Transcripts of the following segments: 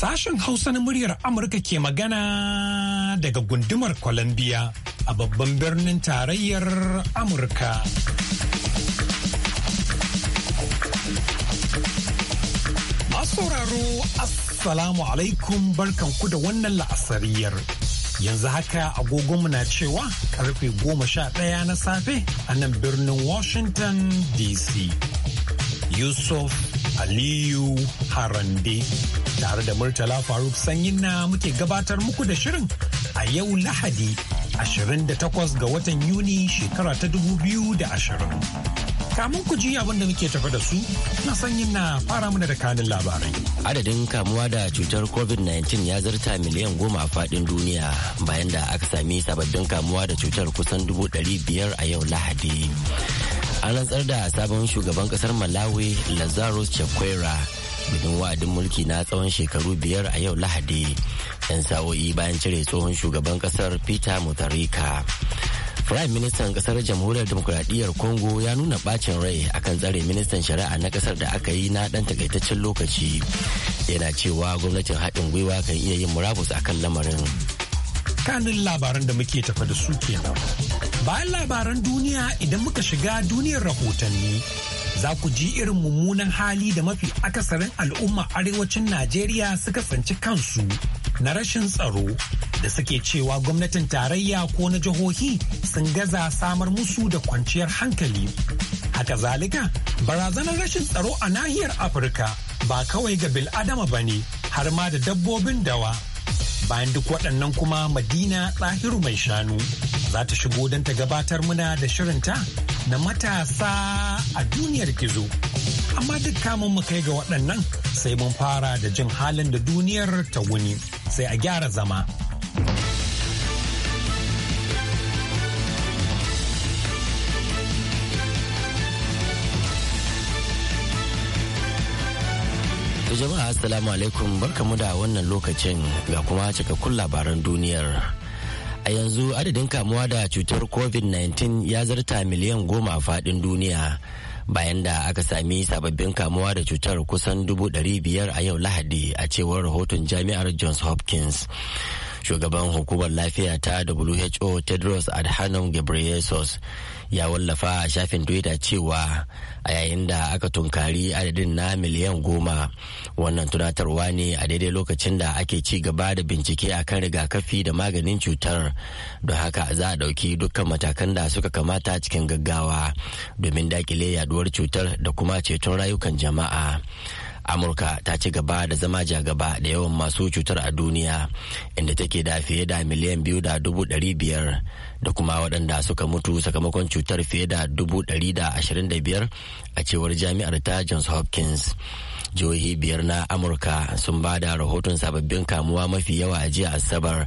Sashen Hausa na muryar Amurka ke magana daga gundumar Columbia a babban birnin tarayyar Amurka. Masu sauraro Assalamu alaikum barkanku da wannan la'asariyar. Yanzu haka agogonmu na cewa karfe goma sha ɗaya na safe a nan birnin Washington DC. Yusuf Aliyu Harande. Tare da Murtala Faruk Sanyin na muke gabatar muku da shirin a yau Lahadi 28 ga watan Yuni shekara ta 2020. Kamun ku ji abin da muke tafa da su na sanyin na fara mana da kanin labarai. Adadin kamuwa da cutar COVID-19 ya zarta miliyan goma a fadin duniya bayan da aka sami sababbin kamuwa da cutar kusan dubu biyar a yau Lahadi. an rantsar da sabon shugaban kasar malawi lazarus chakwera bidin wa'adin mulki na tsawon shekaru biyar a yau lahadi yan sa'o'i bayan cire tsohon shugaban kasar peter mutarika prime ministan kasar jamhuriyar demokuraɗiyyar congo ya nuna bacin rai akan tsare ministan shari'a na kasar da aka yi na ɗan takaitaccen lokaci yana cewa gwamnatin haɗin gwiwa kan iya yin murabus akan lamarin kanin labaran da muke tafa da su kenan Bayan labaran duniya idan muka shiga duniyar rahotanni, za ku ji irin mummunan hali da mafi akasarin al'umma arewacin Najeriya suka tsanci kansu na rashin tsaro da suke cewa gwamnatin tarayya ko na jihohi sun gaza samar musu da kwanciyar hankali. Haka zalika, barazanar rashin tsaro a nahiyar Afirka ba kawai ga bil'adama ba ne, har ma da dabbobin dawa. Bayan duk waɗannan kuma Madina ɗahiru mai shanu. za ta shigo don ta gabatar muna da shirinta na matasa a duniyar gizo. Amma duk kamun mu kai ga waɗannan sai mun fara da jin halin da duniyar ta wuni sai a gyara zama. jama'a assalamu alaikum barkamu da wannan lokacin ga kuma cikakkun labaran duniyar a yanzu adadin kamuwa da cutar covid-19 ya zarta miliyan goma a faɗin duniya bayan da aka sami sababbin kamuwa da cutar kusan dubu ɗari biyar a yau lahadi a cewar rahoton jami'ar johns hopkins shugaban hukumar lafiya ta who tedros adhanom ghebreyesus ya wallafa a shafin twitter cewa a yayin da aka tunkari adadin na miliyan goma wannan tunatarwa ne a daidai lokacin da ake ci gaba da bincike a kan rigakafi da maganin cutar don haka za a ɗauki dukkan matakan da suka kamata cikin gaggawa domin dakile yaduwar cutar da kuma ceton rayukan jama'a amurka ta ci gaba da zama jagaba da yawan masu cutar a duniya inda take da fiye da miliyan biyu da dubu ɗari biyar da kuma waɗanda suka mutu sakamakon cutar fiye da 125 a cewar jami'ar ta johns hopkins jihohi biyar na amurka sun ba da rahoton sababbin kamuwa mafi yawa a jiya asabar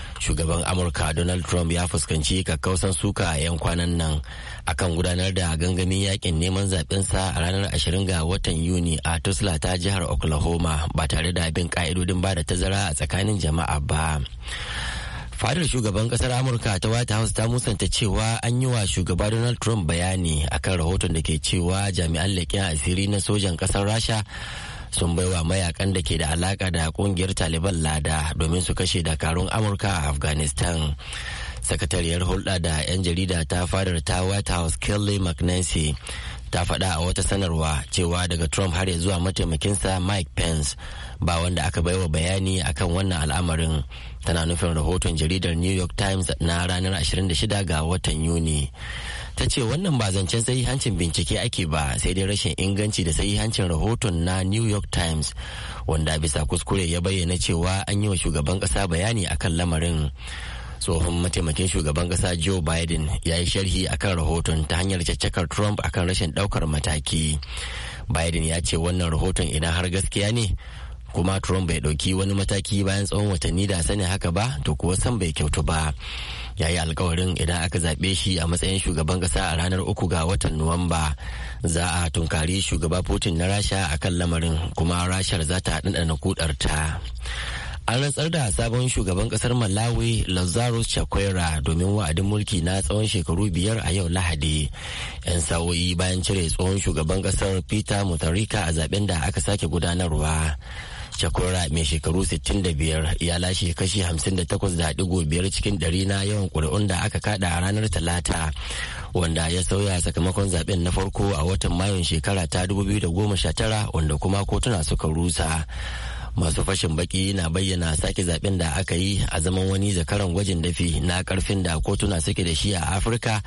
shugaban amurka donald trump ya fuskanci kakkausan suka a 'yan kwanan nan akan gudanar da gangamin yakin neman zaɓensa a ranar 20 ga watan yuni a tusla ta jihar oklahoma ba tare da bin ka'idodin ba da tazara a tsakanin jama'a ba fadar shugaban kasar amurka ta white house ta musanta cewa an yi wa shugaba donald trump bayani akan rahoton da ke cewa jami'an leƙen asiri na sojan kasar rasha sun baiwa mayakan da ke da alaka da kungiyar taliban lada domin su kashe dakarun amurka a afghanistan sakatariyar hulɗa da 'yan jarida ta fadar ta white house kelly mcnancy ta faɗa a wata sanarwa cewa daga trump har ya zuwa mataimakinsa mike pence ba wanda aka baiwa bayani akan wannan al'amarin tana nufin rahoton jaridar new york times na ranar 26 ga watan yuni ta ce wannan ba zancen hancin bincike ake ba sai dai rashin inganci da hancin rahoton na new york times wanda bisa kuskure ya bayyana cewa an yi wa shugaban kasa bayani akan lamarin tsohon mataimakin shugaban kasa joe biden ya yi sharhi akan rahoton ta hanyar caccakar trump akan rashin daukar mataki biden ya ce wannan rahoton idan har gaskiya ne kuma trump bai dauki wani mataki bayan tsawon watanni da sani haka ba to kuwa san bai kyautu ba ya yi alkawarin idan aka zaɓe shi a matsayin shugaban ƙasa a ranar uku ga watan nuwamba za a tunkari shugaba putin na rasha a kan lamarin kuma rashar za ta ɗanɗana kudarta an rantsar da sabon shugaban kasar malawi lazarus chakwera domin wa'adin mulki na tsawon shekaru biyar a yau lahadi yan sa'o'i bayan cire tsohon shugaban kasar peter mutarika a zaben da aka sake gudanarwa shakura mai shekaru 65 ya lashe kashi 58.5 cikin ɗari na yawan ƙuri'un da aka kada a ranar talata wanda ya sauya sakamakon zaben na farko a watan mayun shekara ta 2019 wanda kuma kotuna suka rusa masu fashin baki na bayyana sake zaben da aka yi a zaman wani zakaran gwajin dafi na karfin da kotuna suke da shi a afirka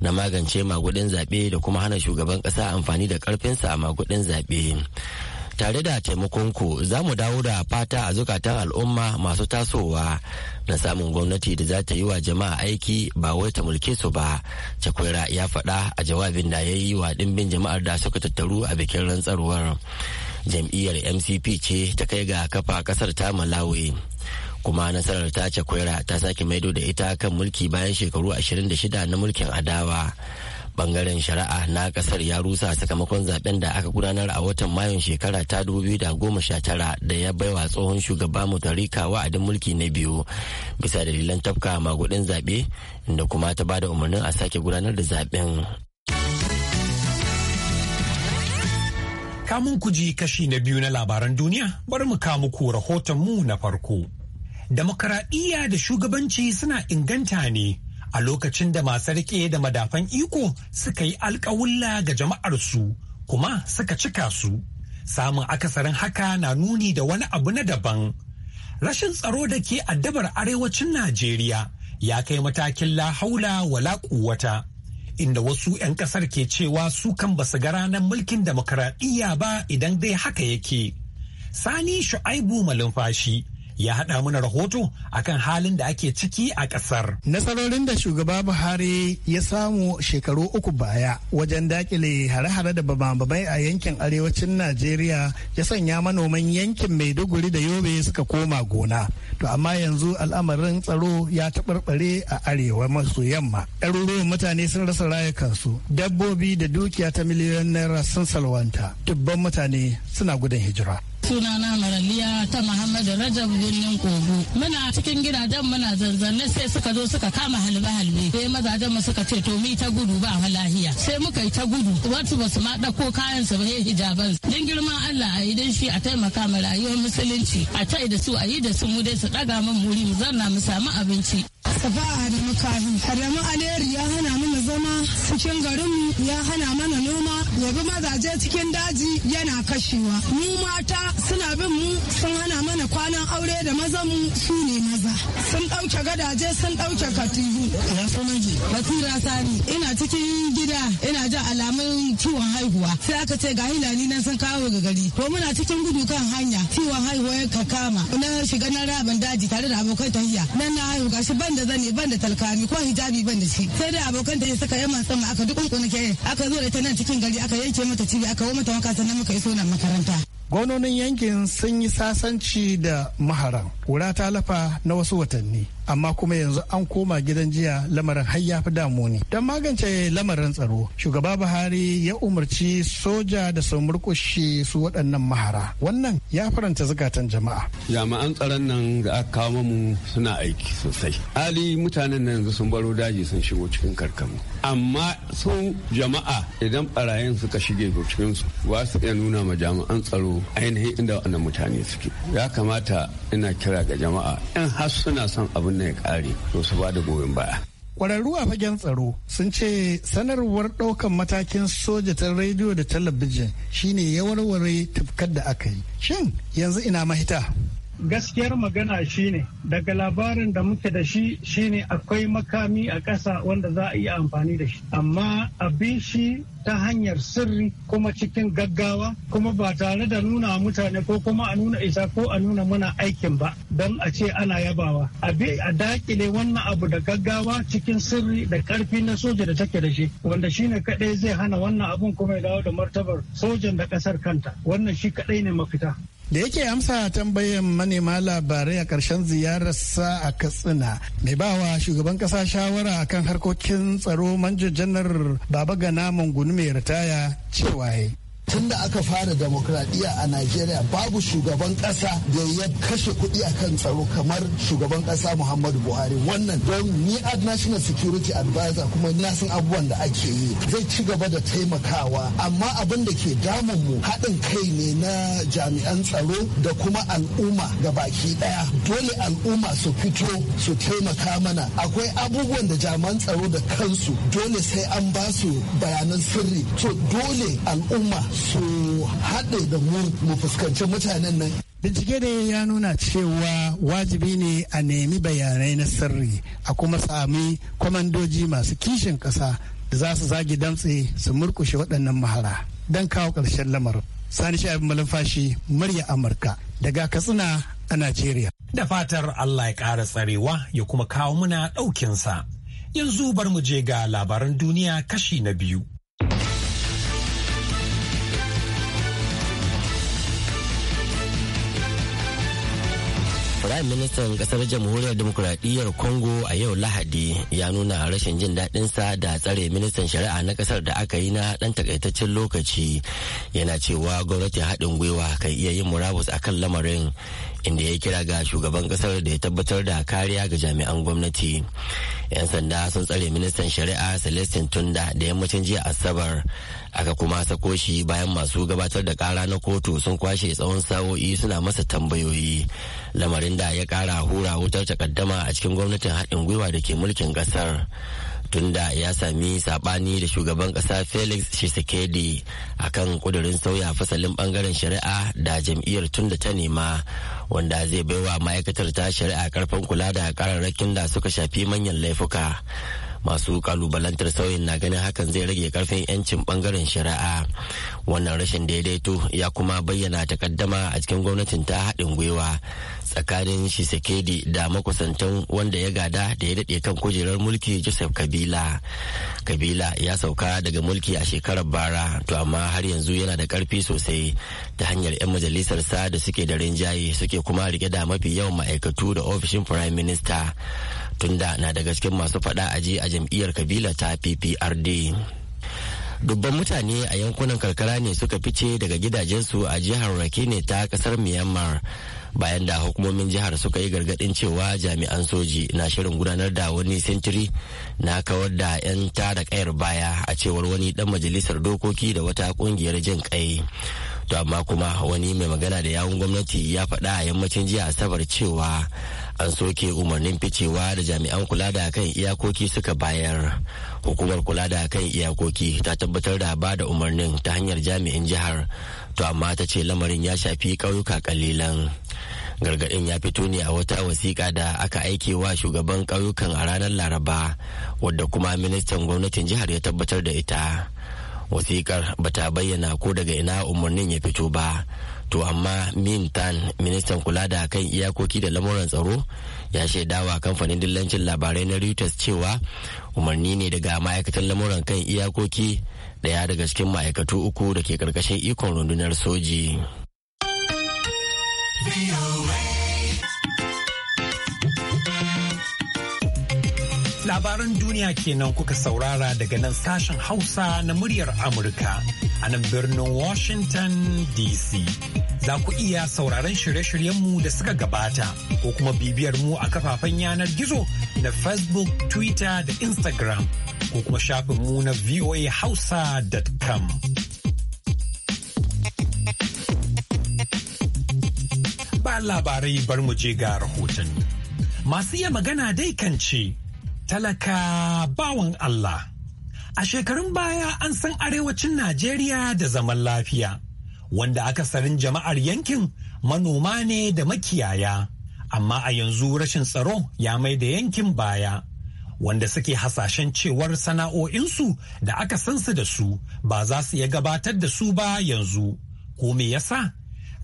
na magance magudin zaɓe da kuma hana shugaban ƙasa amfani da karfinsa a magudin zaɓe tare da taimakonku za mu dawo da fata a zukatan al'umma masu tasowa na samun gwamnati da za ta yi wa jama'a aiki ba wai ta mulke su ba chakwera ya faɗa a jawabin da ya yi wa ɗimbin jama'ar da suka tattaru a bikin rantsarwar jam'iyyar mcp ce ta kai ga kafa ƙasar ta malawi kuma nasarar ta chakwera ta sake maido da ita kan mulki bayan shekaru 26 na mulkin adawa bangaren shari'a na kasar ya rusa sakamakon zaben da aka gudanar a watan mayun shekara ta 2019 da ya baiwa tsohon shugaba mutarika wa'adin mulki na biyu bisa dalilan tafka magudin zaɓe da kuma ta bada umarnin a sake gudanar da zaben kamun kuji kashi na biyu na labaran duniya bari mu kamu muku rahoton mu na farko. Demokaradiyya da shugabanci suna inganta ne a lokacin da masu rike da madafan iko suka yi alkawulla ga jama'ar su. kuma suka cika su samun akasarin haka na nuni da wani abu na daban rashin tsaro da ke addabar arewacin najeriya ya kai matakin la haula wala kuwata inda wasu 'yan kasar ke cewa su kan basu ga ranar mulkin demokaradiyya ba idan dai haka yake sani shu'aibu malumfashi ya haɗa mana rahoto akan halin da ake ciki a ƙasar. Nasarorin da shugaba Buhari ya samu shekaru uku baya wajen dakile hare-hare da babababai a yankin arewacin Najeriya ya sanya manoman yankin Maiduguri da Yobe suka koma gona. To amma yanzu al'amarin tsaro ya taɓarɓare a arewa masu yamma. Ɗaruruwan mutane sun rasa rayukansu, dabbobi da dukiya ta miliyoyin naira sun salwanta. Dubban mutane suna gudun hijira. sunana maraliya ta muhammadu rajab birnin kogo muna cikin gidajen muna zanzanne sai suka zo suka kama halbe halbe sai mazajen mu suka ce to mi ta gudu ba lahiya sai muka yi ta gudu wasu ba su ma ɗauko kayan su ba eh, hijaban don girman allah a yi don shi a taimaka ma rayuwar musulunci a tai da su a yi da su mu dai su ɗaga mun muri mu zanna mu samu abinci. Safa da Aleri ya hana mu zama cikin garinmu ya hana mana noma ya bi mazaje cikin daji yana kashewa mu mata suna bin mu sun hana mana kwanan aure da maza mu su ne maza sun ɗauke gadaje sun ɗauke ya na sunaji basira sani ina cikin gida ina jin alamun ciwon haihuwa sai aka ce ga hilani nan sun kawo ga gari ko muna cikin gudu kan hanya ciwon haihuwa ya kama na shiga na raban daji tare da abokan tahiya nan na haihu gashi ban da zane ban da talkami ko hijabi ban da shi sai dai abokan tahiya suka yi sama aka duk ke aka zo da ita nan cikin gari aka yanke mata cibi aka wo mata wanka sannan muka iso nan makaranta. Gwamnonin yankin sun yi sasanci da maharan. Kura ta lafa na wasu watanni. amma kuma yanzu an koma gidan jiya lamarin har ya fi damu ne don magance lamarin tsaro shugaba buhari ya umarci soja da su murkushe su waɗannan mahara wannan ya faranta zukatan jama'a jami'an tsaron nan da aka kawo mu suna aiki sosai ali mutanen nan yanzu sun baro daji sun shigo cikin karkamu amma su jama'a idan barayin suka shige cikin su ba su iya nuna ma jami'an tsaro ainihin inda wannan mutane suke ya kamata ina kira ga jama'a in har suna son abin nan ya kare to su ba da goyon baya kwararru a fagen tsaro sun ce sanarwar ɗaukan matakin soja ta rediyo da talabijin shine ya warware tafkar da aka yi shin yanzu ina mahita gaskiyar magana shine daga labarin da muke da shi shine akwai makami a ƙasa wanda za a iya amfani da shi amma abin shi ta hanyar sirri kuma cikin gaggawa kuma ba tare da nuna mutane ko kuma a nuna isa ko a nuna mana aikin ba don a ce ana yabawa a dakile wannan abu da gaggawa cikin sirri da karfi na soja da take da shi wanda shine kadai zai hana wannan abun kuma ya dawo da martabar sojan da kasar kanta wannan shi kadai ne mafita da yake amsa tambayan manema labarai a ƙarshen ziyararsa a katsina mai bawa shugaban ƙasa shawara akan harkokin tsaro manjo janar baba gana mangunu mai ritaya cewa tun da aka fara demokradiyya a najeriya babu shugaban kasa da ya kashe kuɗi kan tsaro kamar shugaban kasa muhammadu buhari wannan don ni a national security advisor kuma na san abubuwan da ake yi zai ci gaba da taimakawa amma abin da ke damun mu haɗin kai ne na jami'an tsaro da kuma al'umma ga baki ɗaya dole al'umma su fito su taimaka mana akwai abubuwan da jami'an tsaro da kansu dole sai an ba su bayanan sirri to dole al'umma su haɗe da mu mu fuskanci mutanen nan bincike da ya nuna cewa wajibi ne a nemi bayanai na sirri a kuma sami kwamandoji masu kishin ƙasa da za su zagi damtse su murkushe waɗannan mahara don kawo ƙarshen lamarin sani Sha'ibu malumfashi murya amurka daga katsina a najeriya da fatar allah ya ƙara tsarewa ya kuma kawo muna ɗaukinsa yanzu bar mu je ga labaran duniya kashi na biyu Firayim Ministan kasar Jamhuriyar Demokuraɗiyyar Congo a yau Lahadi ya nuna rashin jin sa da tsare ministan shari'a na kasar da aka yi na ɗan takaitaccen lokaci yana cewa gwamnati haɗin gwiwa kan iya yin murabus kan lamarin inda ya kira ga shugaban kasar da ya tabbatar da kariya ga jami'an gwamnati yan sanda sun tsare ministan shari'a celestin tunda da yammacin jiya asabar aka kuma sako shi bayan masu gabatar da kara na kotu sun kwashe tsawon sa'o'i suna masa tambayoyi lamarin da ya kara hura wutar takaddama a cikin gwamnatin haɗin gwiwa da ke mulkin kasar tunda ya sami sabani da shugaban kasa felix shisekedi akan kudurin sauya fasalin bangaren shari'a da jam'iyyar tunda ta nema wanda zai baiwa ma'aikatar ta shari'a karfin kula da kararrakin da suka shafi manyan laifuka masu kalubalantar sauyin na ganin hakan zai rage karfin 'yancin bangaren shari'a wannan rashin daidaito ya kuma bayyana takaddama a cikin gwamnatin ta haɗin gwiwa tsakanin shisekedi da makusantan wanda ya gada da ya daɗe kan kujerar mulki joseph kabila kabila ya sauka daga mulki a shekarar bara to amma har yanzu yana da ƙarfi sosai ta hanyar 'yan majalisarsa da suke da rinjaye suke kuma rike da mafi yawan ma'aikatu da ofishin prime minister tunda na daga cikin masu faɗa aji a jam'iyyar kabila ta PPRD. dubban mutane a yankunan karkara ne suka fice daga gidajensu a jihar rakene ta kasar myanmar bayan da hukumomin jihar suka yi gargadin cewa jami'an soji na shirin gudanar da wani sintiri na kawar da 'yan tara kayar baya a cewar wani dan majalisar dokoki da wata kungiyar jin kai to amma kuma wani mai magana da yawun gwamnati ya faɗa a yammacin jiya asabar cewa an soke umarnin ficewa da jami'an kula da kan iyakoki suka bayar hukumar kula da kan iyakoki ta tabbatar da ba da umarnin ta hanyar jami'in jihar to amma ta ce lamarin ya shafi ƙauyuka kalilan gargaɗin ya fito ne a wata wasiƙa da aka aike wa shugaban ƙauyukan a ranar laraba wadda kuma ministan gwamnatin jihar ya tabbatar da ita wasiƙar bata bayyana ko daga ina umarnin ya fito ba to amma min tan ministan kula da kan iyakoki da lamuran tsaro ya shaidawa kamfanin dillancin labarai na reuters cewa umarni ne daga ma'aikatan lamuran kan iyakoki daya daga cikin ma'aikatu uku da ke karkashin ikon rundunar soji. Labaran duniya kenan kuka saurara daga nan sashen Hausa na muryar Amurka a nan birnin Washington DC. Za ku iya sauraron shirye mu da suka gabata ko kuma bibiyar mu a kafafen yanar gizo na Facebook, Twitter da Instagram ko kuma mu na voahausa.com. Ba labarai bar mu je ga rahoton. Masu iya magana dai kan ce talaka bawan Allah. A shekarun baya an san arewacin Najeriya da zaman lafiya, wanda akasarin jama'ar yankin manoma ne da makiyaya, amma a yanzu rashin tsaro ya mai da yankin baya. Wanda suke hasashen cewar sana'o'insu da aka san da su ba za su iya gabatar da su ba yanzu, ko me yasa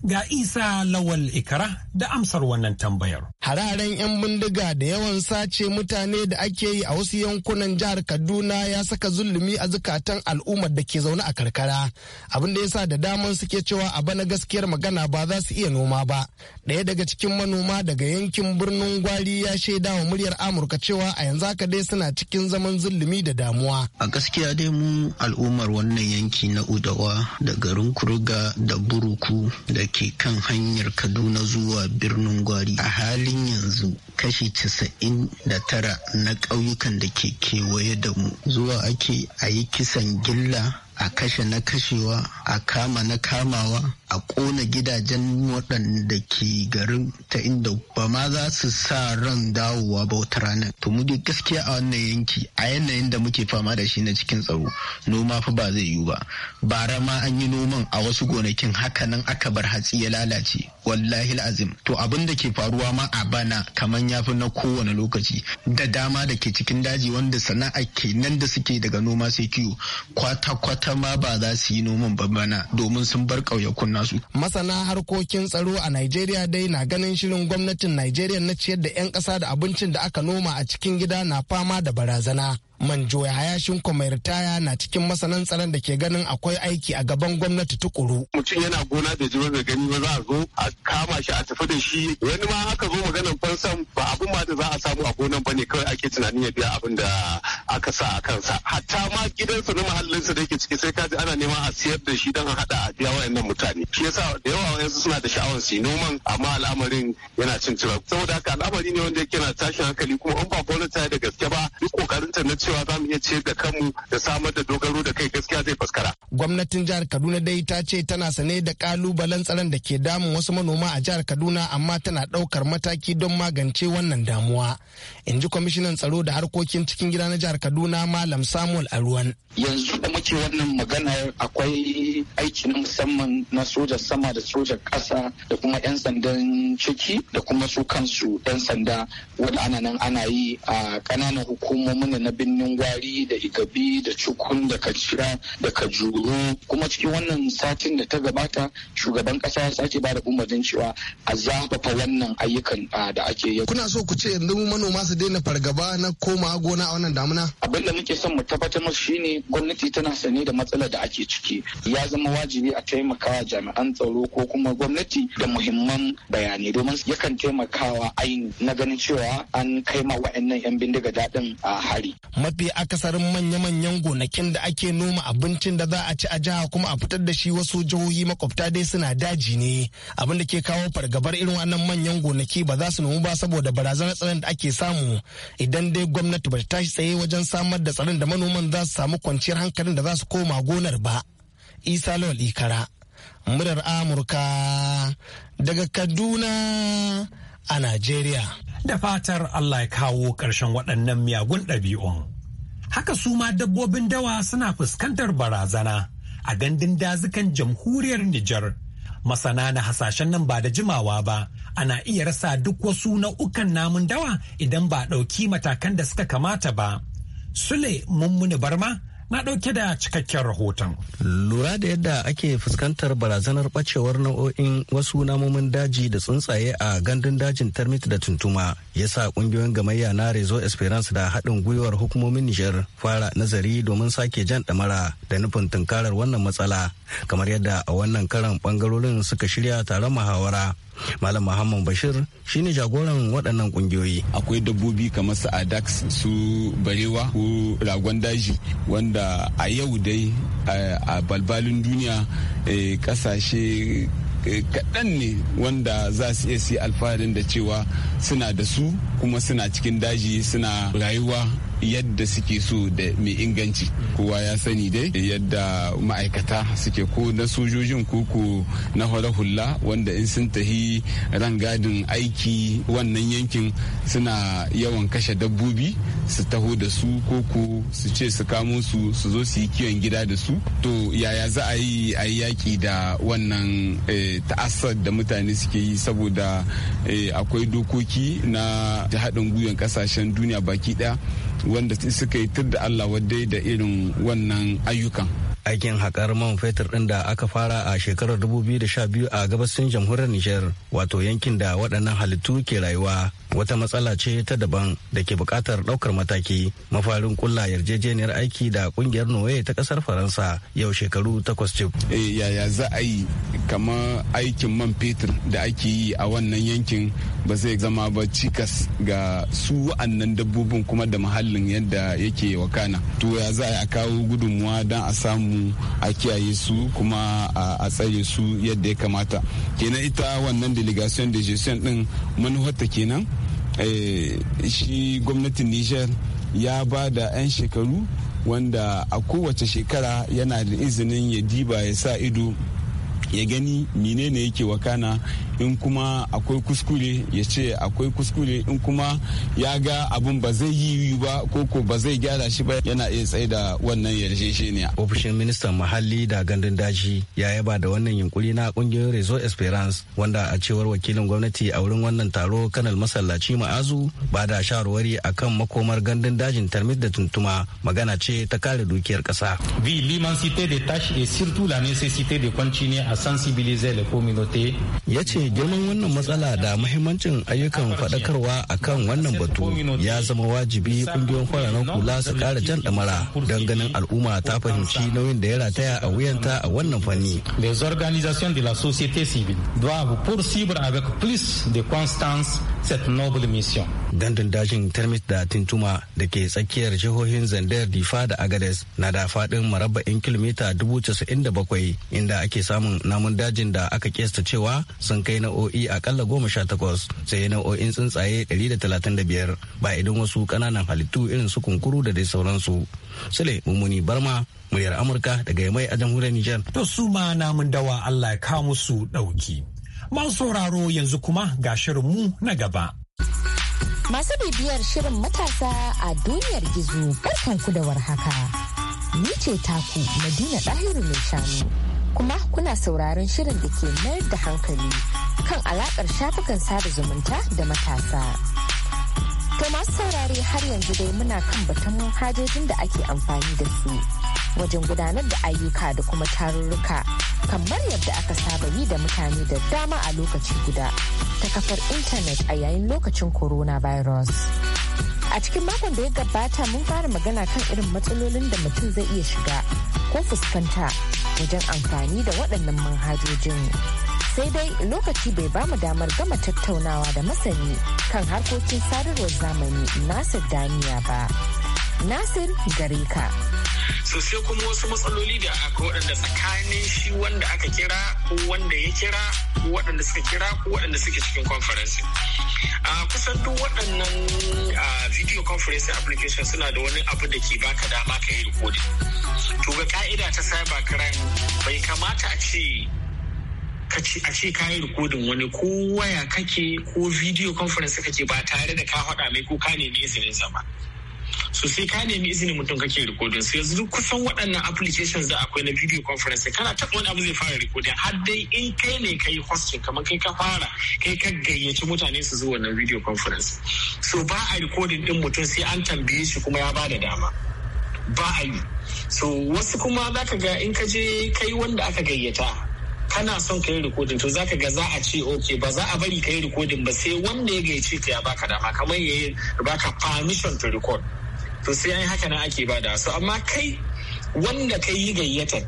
Ga Isa Lawal Ikara da amsar wannan tambayar. Hararen 'yan bindiga da yawan sace mutane da ake yi a wasu yankunan jihar Kaduna ya saka zulumi a zukatan al'ummar da ke zaune a karkara. Abin da ya sa da daman suke cewa a bana gaskiyar magana ba za su iya noma ba. Ɗaya daga cikin manoma daga yankin birnin Gwari ya shaida wa muryar Amurka cewa a yanzu haka dai suna cikin zaman zulumi da damuwa. A gaskiya dai mu al'ummar wannan yanki na Udawa da garin Kuruga da Buruku da ke kan hanyar kaduna zuwa birnin gwari a halin yanzu kashi casa'in da tara na ƙauyukan da ke kewaye da mu zuwa ake a yi kisan gilla a kashe na kashewa a kama na kamawa a kona gidajen waɗanda ke garin ta inda ba ma za su sa ran dawowa ba wata ranar to mu gaskiya a wannan yanki a yanayin da muke fama da shi na cikin tsaro noma fa ba zai yiwu ba bara ma an yi noman a wasu gonakin haka nan aka bar hatsi ya lalace wallahi azim to abin da ke faruwa ma a bana kamar ya fi na kowane lokaci da dama da ke cikin daji wanda sana'a ke nan da suke daga noma sai kiwo kwata-kwata ma ba za su yi noman ba bana domin sun bar ƙauyakun nasu. Masana harkokin tsaro a Najeriya dai na ganin shirin gwamnatin Najeriya na ciyar da 'yan ƙasa da abincin da aka noma a cikin gida na fama da barazana. manjo hayashin ritaya na cikin masanan tsaron da ke ganin akwai aiki a gaban gwamnati tukuru. mutum yana gona da jiro da gani ba za a zo a kama shi a tafi da shi wani ma aka zo maganan fansan ba abin ma da za a samu a gonan ba ne kawai ake tunanin ya biya abin da aka sa a kansa hatta ma gidansa na mahallinsa da yake ciki sai kaji ana neman a siyar da shi don a haɗa a biya wayannan mutane shi yasa da yawa wayansu suna da sha'awar su noman amma al'amarin yana cin saboda haka al'amari ne wanda yake na tashin hankali kuma in ba gwamnati da gaske ba duk kokarinta na cewa za mu iya ciyar da kanmu da samar da dogaro da kai gaskiya zai faskara. Gwamnatin jihar Kaduna dai ta ce tana sane da kalubalen tsaron da ke damun wasu manoma a jihar Kaduna amma tana ɗaukar mataki don magance wannan damuwa. In ji kwamishinan tsaro da harkokin cikin gida na jihar Kaduna Malam Samuel Aruwan. Yanzu ce wannan maganar akwai aiki na musamman na sojan sama da sojan ƙasa da kuma 'yan sandan ciki da kuma su kansu 'yan sanda wani ana nan ana yi a kananan hukumomin na birnin gwari da igabi da cukun da kacira da kajuru kuma cikin wannan satin da ta gabata shugaban ƙasa ya sake ba da umarnin cewa a zafafa wannan ayyukan da ake yi. Kuna so ku ce yanzu manoma su daina fargaba na koma gona a wannan damuna? Abin da muke son mu tabbatar musu shine gwamnati tana masani da matsalar da ake ciki ya zama wajibi a taimakawa jami'an tsaro ko kuma gwamnati da muhimman bayanai domin yakan taimakawa aini na ganin cewa an kai ma wa'annan 'yan bindiga daɗin a hari. Mafi akasarin manya-manyan gonakin da ake noma abincin da za a ci a jiha kuma a fitar da shi wasu jihohi makwabta dai suna daji ne abun da ke kawo fargabar irin wannan manyan gonaki ba za su nomu ba saboda barazanar tsaron da ake samu idan dai gwamnati ba ta tashi tsaye wajen samar da tsaron da manoman za su samu kwanciyar hankalin da za su koma gonar ba isa lol ikara murar amurka daga kaduna a najeriya da fatar allah ya kawo ƙarshen waɗannan miyagun ɗabi'un haka su ma dabbobin dawa suna fuskantar barazana a gandun dazukan jamhuriyar nijar masana na hasashen nan ba da jimawa ba ana iya rasa duk wasu nau'ukan namun dawa idan ba ɗauki matakan da suka kamata ba sule mummuni barma na ɗauke da cikakken rahoton. Lura da yadda ake fuskantar barazanar ɓacewar nau'o'in wasu namomin daji da tsuntsaye a gandun dajin termit da tuntuma ya sa ƙungiyoyin gamayya na Rezo Esperance da haɗin gwiwar hukumomin Nijar fara nazari domin sake jan ɗamara da nufin tunkarar wannan matsala kamar yadda a wannan karan ɓangarorin suka shirya taron muhawara Malam Muhammad Bashir shine jagoran waɗannan ƙungiyoyi. Akwai dabbobi kamar su adax su barewa ko ragon daji wanda a yau dai a balbalin duniya e, ƙasashe e, kaɗan ne wanda za su iya su alfaharin da cewa suna da su kuma suna cikin daji suna rayuwa yadda suke so da mai inganci kowa ya sani dai yadda ma'aikata suke ko na sojojin koko na hula hula wanda in sun tahi rangadin aiki wannan yankin suna yawan kashe dabbobi su taho da su koko su ce su kamo su su zo su yi kiwon gida da su to yaya za a yi a yaki da wannan eh, ta'assar da mutane suke yi saboda eh, akwai dokoki na haɗin gwiwan ƙasashen duniya baki ɗaya wanda suka yi tur da Allah wadai da irin wannan ayyukan. aikin haƙar man fetur ɗin da aka fara a shekarar 2012 a gabasin jamhuriyar Nijar wato yankin da waɗannan halittu ke rayuwa wata matsala ce ta daban da ke bukatar daukar mataki mafarin kulla yarjejeniyar aiki da kungiyar noye ta kasar faransa yau shekaru takwas ce. Eh, yaya za a yi kama aikin man fetur da ake yi a wannan yankin ba zai zama ba cikas ga su wa'annan dabbobin kuma da muhallin yadda yake wakana to ya za a kawo gudunmuwa don a samu a kiyaye su kuma a tsare su yadda ya kamata kenan ita wannan delegation da din manufarta kenan Eh, shi gwamnatin nijar ya ba da 'yan shekaru wanda a kowace shekara yana da izinin ya diba ya sa ido ya gani menene yake wakana in kuma akwai kuskure ya ce akwai kuskure in kuma ya ga abun ba zai yi ba ko ko ba zai gyara shi ba yana iya tsaye da wannan yarjejeniya. ofishin ministan muhalli da gandun daji ya yaba da wannan yunkuri na kungiyoyin rezo esperance wanda a cewar wakilin gwamnati a wurin wannan taro kanal masallaci ma'azu ba da shawarwari akan makomar gandun dajin tarmit da tuntuma magana ce ta kare dukiyar kasa. vi l'immensité des tâches et surtout la nécessité de continuer à sensibiliser les communautés ya ce girman wannan matsala da mahimmancin ayyukan faɗakarwa akan wannan batu ya zama wajibi kungiyoyin na kula su ƙara jan ɗamara don ganin al'umma ta fahimci nauyin da ya rataya a wuyanta a wannan fanni les organisations de la société civile doivent poursuivre avec plus de constance cette noble mission gandun dajin termit da tintuma da ke tsakiyar jihohin zandar difa da agades na da faɗin marabba'in kilomita 97 inda ake samun namun dajin da aka kesta cewa sun kai nau'o'i akalla goma sha takwas sai nau'o'in tsuntsaye ɗari da talatin da biyar ba idan wasu ƙananan halittu irin su kunkuru da dai sauransu. Sule Mummuni Barma muryar Amurka daga Yamai a jamhuriyar Nijar. To su ma namun dawa Allah ya kawo musu ɗauki. Masu sauraro yanzu kuma ga shirin mu na gaba. Masu bibiyar shirin matasa a duniyar gizo barkanku da warhaka. Ni ce taku Madina Ɗahiru mai shanu. kuma kuna sauraron shirin da ke mayar da hankali kan alakar shafukan sada zumunta da matasa. To masu saurare har yanzu dai muna kan batun manhajojin da ake amfani da su wajen gudanar da ayyuka da kuma tarurruka kamar yadda aka saba yi da mutane da dama a lokaci guda ta kafar intanet a yayin lokacin coronavirus. A cikin makon da ya gabata mun fara magana kan irin matsalolin da mutum zai iya shiga ko fuskanta wajen amfani da waɗannan manhajojin. sai dai lokaci bai ba mu damar gama tattaunawa da masani kan harkokin sadarwar zamani nasir daniya ba nasir gare ka so sai kuma wasu matsaloli da aka waɗanda tsakanin shi wanda aka kira ko wanda ya kira ko waɗanda suka kira ko waɗanda suke cikin conference a kusan duk waɗannan video conference application suna da wani abu da ke baka dama ka yi recording to ga ka'ida ta cyber crime bai kamata a ce a ce ka yi rikodin wani ko waya kake ko video conference kake ba tare da ka haɗa mai ko ka nemi izinin sa ba so sai ka nemi izinin mutum kake rikodin su yanzu duk kusan waɗannan applications da akwai na video conference kana taɓa wani abu zai fara rikodin har dai in kai ne kai hosting kamar kai ka fara kai ka gayyaci mutane su zuwa wannan video conference so ba a rikodin din mutum sai an tambaye shi kuma ya bada dama ba a yi so wasu kuma za ka ga in ka je kai wanda aka gayyata kana son ka yi rikodin to zaka ga za a ce ok ba za a bari ka yi rikodin ba sai wanda ya gayyace ta ya baka dama kamar ya yi baka permission to record to sai an haka nan ake bada su amma kai wanda ka yi gayyatar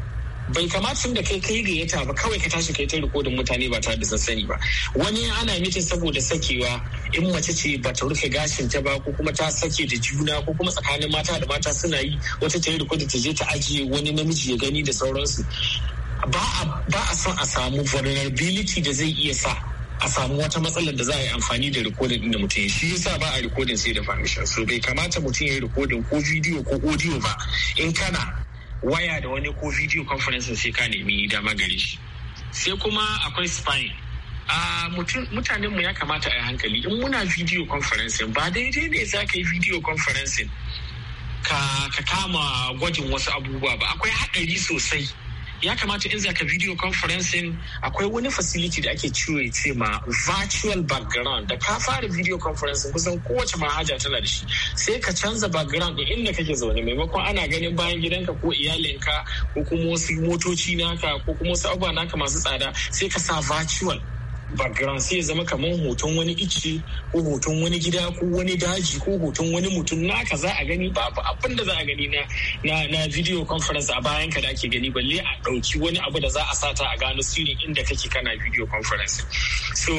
bai kamata tun da kai kai gayyata ba kawai ka tashi kai ta rikodin mutane ba tare da sani ba wani ana mitin saboda sakewa in mace ce ba ta rufe gashin ta ba ko kuma ta sake da juna ko kuma tsakanin mata da mata suna yi wata ta yi rikodin ta je ta ajiye wani namiji ya gani da sauransu ba a son a samu vulnerability da zai iya sa a samu wata matsalar da za a yi amfani da rikodin da mutum shi yasa ba a rikodin sai da permission so bai kamata mutum ya yi rikodin ko bidiyo ko audio ba in kana waya da wani ko video conference sai ka nemi dama gare shi sai kuma akwai spying a mutanen mu ya kamata a yi hankali in muna video conferencing ba daidai ne za ka yi video conferencing ka, ka kama gwajin wasu abubuwa ba akwai haɗari sosai ya kamata in zaka video conferencing akwai wani facility da ake ya ce ma virtual background da ka fara video conferencing kusan kowace manhaja tana da shi sai ka canza background din inda kake zaune maimakon ana ganin bayan gidanka ko iyalinka ko kuma wasu motoci naka ko kuma wasu abubuwa naka masu tsada sai ka sa virtual background sai ya zama kamar hoton wani ice ko hoton wani gida ko wani daji ko hoton wani mutum naka za a gani babu abin da za a gani na na na video conference a bayan ka da ake gani balle a dauki wani abu da za a sata a gano sirri inda kake kana video conference so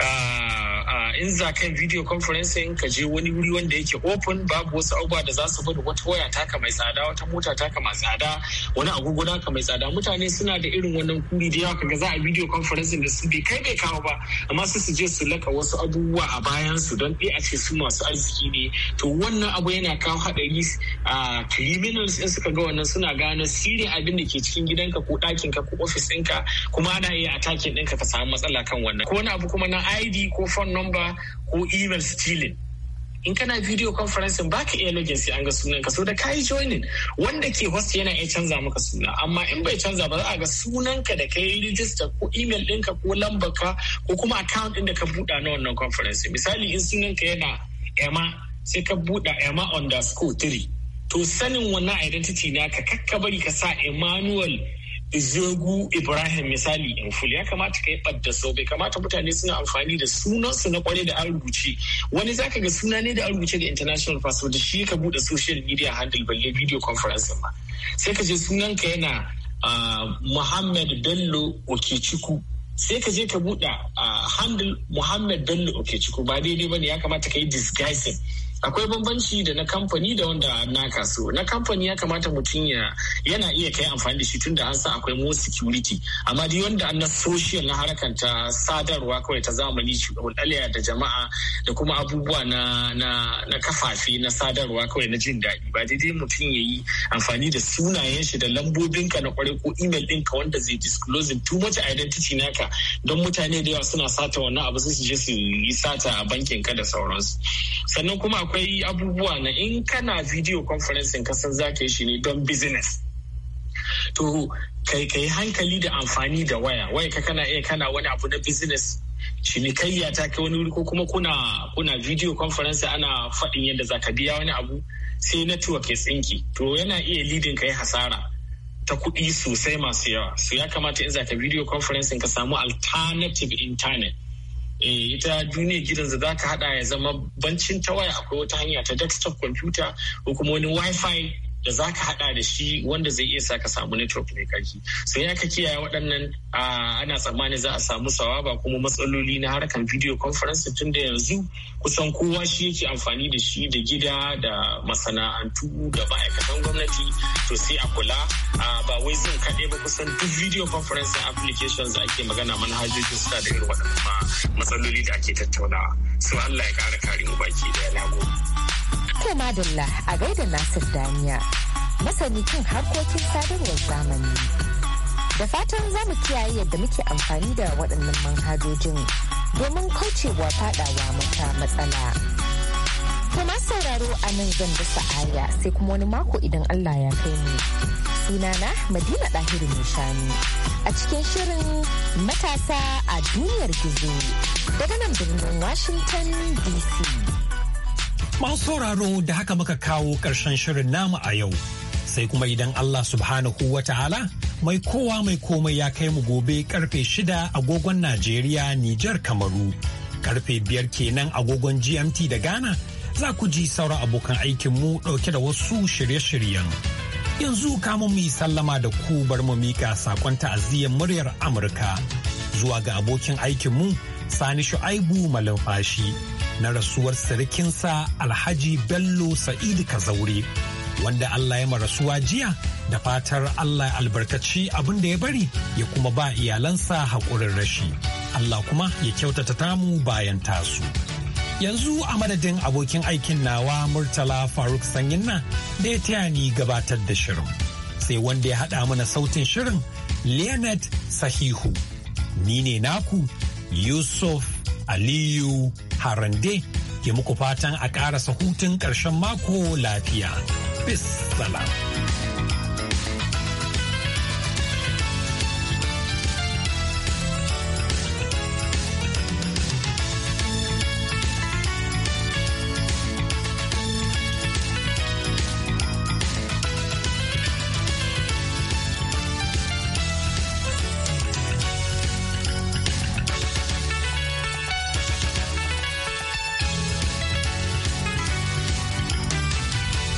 ah, ah, in za kan video conferencing ka je wani wuri wanda yake open babu wasu abubuwa da za su bada wata waya taka mai tsada wata mota taka mai tsada wani agogo naka mai tsada mutane suna da irin wannan kuri da yawa kaga za a video conferencing da su bai kai bai kawo ba amma sai su je su laka wasu abubuwa a bayan su don ɗaya a ce su masu arziki ne to wannan abu yana kawo haɗari a criminals in suka ga wannan suna gano sirrin abin da ke cikin gidanka ko ɗakinka ko ofis ɗinka kuma ana iya attacking ɗinka ka samu matsala kan wannan ko wani abu kuma na ID ko phone number ko email stealing in kana video conferencing ba ka iya login sai an ga sunan ka so da kai joining wanda ke host yana iya canza maka suna amma in bai canza ba za a ga sunan ka da kai register ko email ɗinka ko lambar ka ko kuma account ɗin da ka buɗa na wannan conference misali in sunan ka yana emma sai ka buɗa emma underscore 3 to sanin wannan identity naka kakka bari ka sa emmanuel zogu ibrahim misali in ful ya kamata ka yi ɓadda sau bai kamata mutane suna amfani da sunansu na kwarai da an rubuce wani zaka ga suna ne da an rubuce ga international passport da shi ka buɗe social media handle balle video conference ma sai ka je sunanka yana muhammad bello okechukwu sai ka je ka buɗe handle muhammad bello okechukwu ba daidai ba ne ya kamata ka yi disguising akwai bambanci da na kamfani da wanda na kasu na kamfani ya kamata mutum ya yana iya kai amfani da shi tun da an sa akwai mo security amma dai wanda an na social na harkar ta sadarwa kawai ta zamani hulɗaliya da jama'a da kuma abubuwa na na na sadarwa kawai na jin daɗi ba daidai mutum ya yi amfani da sunayen shi da lambobin ka na kwarai ko email ka wanda zai disclosing too much identity naka don mutane da yawa suna sata wannan abu sai su je su yi sata a bankin ka da sauransu sannan kuma akwai abubuwa na in kana video conferencing kasan za ka yi shi ne don business to kai kai hankali da amfani da waya waya ka kana iya kana wani abu na business cinikayya ta kai wani wuri ko kuma kuna kuna video conference ana faɗin yadda za ka biya wani abu sai network ya tsinki to yana iya leading kai hasara ta kuɗi sosai masu yawa so ya kamata in za ka video conferencing ka samu alternative internet Eh, ita duniyar gidansa za ka hada ya zama bancin ta waya akwai wata hanya ta desktop computer ko kuma wani wifi da za ka haɗa da shi wanda zai iya sa ka samu network mai karfi so ya ka kiyaye waɗannan ana tsammani za a samu sawa ba kuma matsaloli na harkar video conference tun da yanzu kusan kowa shi yake amfani da shi da gida da masana'antu da ma'aikatan gwamnati to sai a kula ba wai zan kaɗai ba kusan duk video conference applications da ake magana manhajojin suna da irin waɗannan matsaloli da ake tattaunawa so Allah ya ƙara kare mu baki da ya nagode. da madalla a gaida Nasir Daniya, masani kan harkokin sadarwar zamani. Da fatan za mu kiyaye yadda muke amfani da waɗannan manhajojin domin kaucewa faɗawa mata matsala. Kuma sauraro a nan zan da sa'aya sai kuma wani mako idan Allah ya kai mu. Sunana Madina Ɗahiru Nishani a cikin shirin matasa a duniyar gizo daga nan birnin Washington DC. Masu sauraro da haka muka kawo ƙarshen shirin namu a yau. Sai kuma idan Allah subhanahu wa ta'ala mai kowa mai komai ya kai mu gobe karfe shida agogon Najeriya Nijar Kamaru. Karfe biyar kenan agogon GMT da Ghana za ku ji sauran abokan aikinmu ɗauke da wasu shirye-shiryen. Yanzu kamun mu yi sallama da ku bar mu mika sakon ta'aziyyar muryar Amurka zuwa ga abokin aikinmu Sani Shu'aibu Fashi. na rasuwar sirikinsa Alhaji Bello Sa'idu Kazaure. Wanda Allah ya rasuwa jiya da fatar Allah ya albarkaci abin da ya bari ya kuma ba iyalansa haƙurin rashi. Allah kuma ya kyautata tamu bayan tasu. yanzu a madadin abokin aikin nawa murtala faruk sanyinna da ya taya ni gabatar da shirin sai wanda ya haɗa mana sautin shirin leonard sahihu ni ne naku yusuf Aliyu Harande ke muku fatan a ƙarasa hutun ƙarshen mako lafiya. Bis salam.